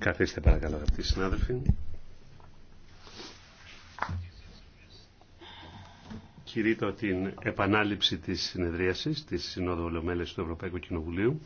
Καθίστε παρακαλώ αγαπητοί συνάδελφοι. Κηρύττω την επανάληψη της συνεδρίασης της Συνόδου Ολομέλειας του Ευρωπαϊκού Κοινοβουλίου.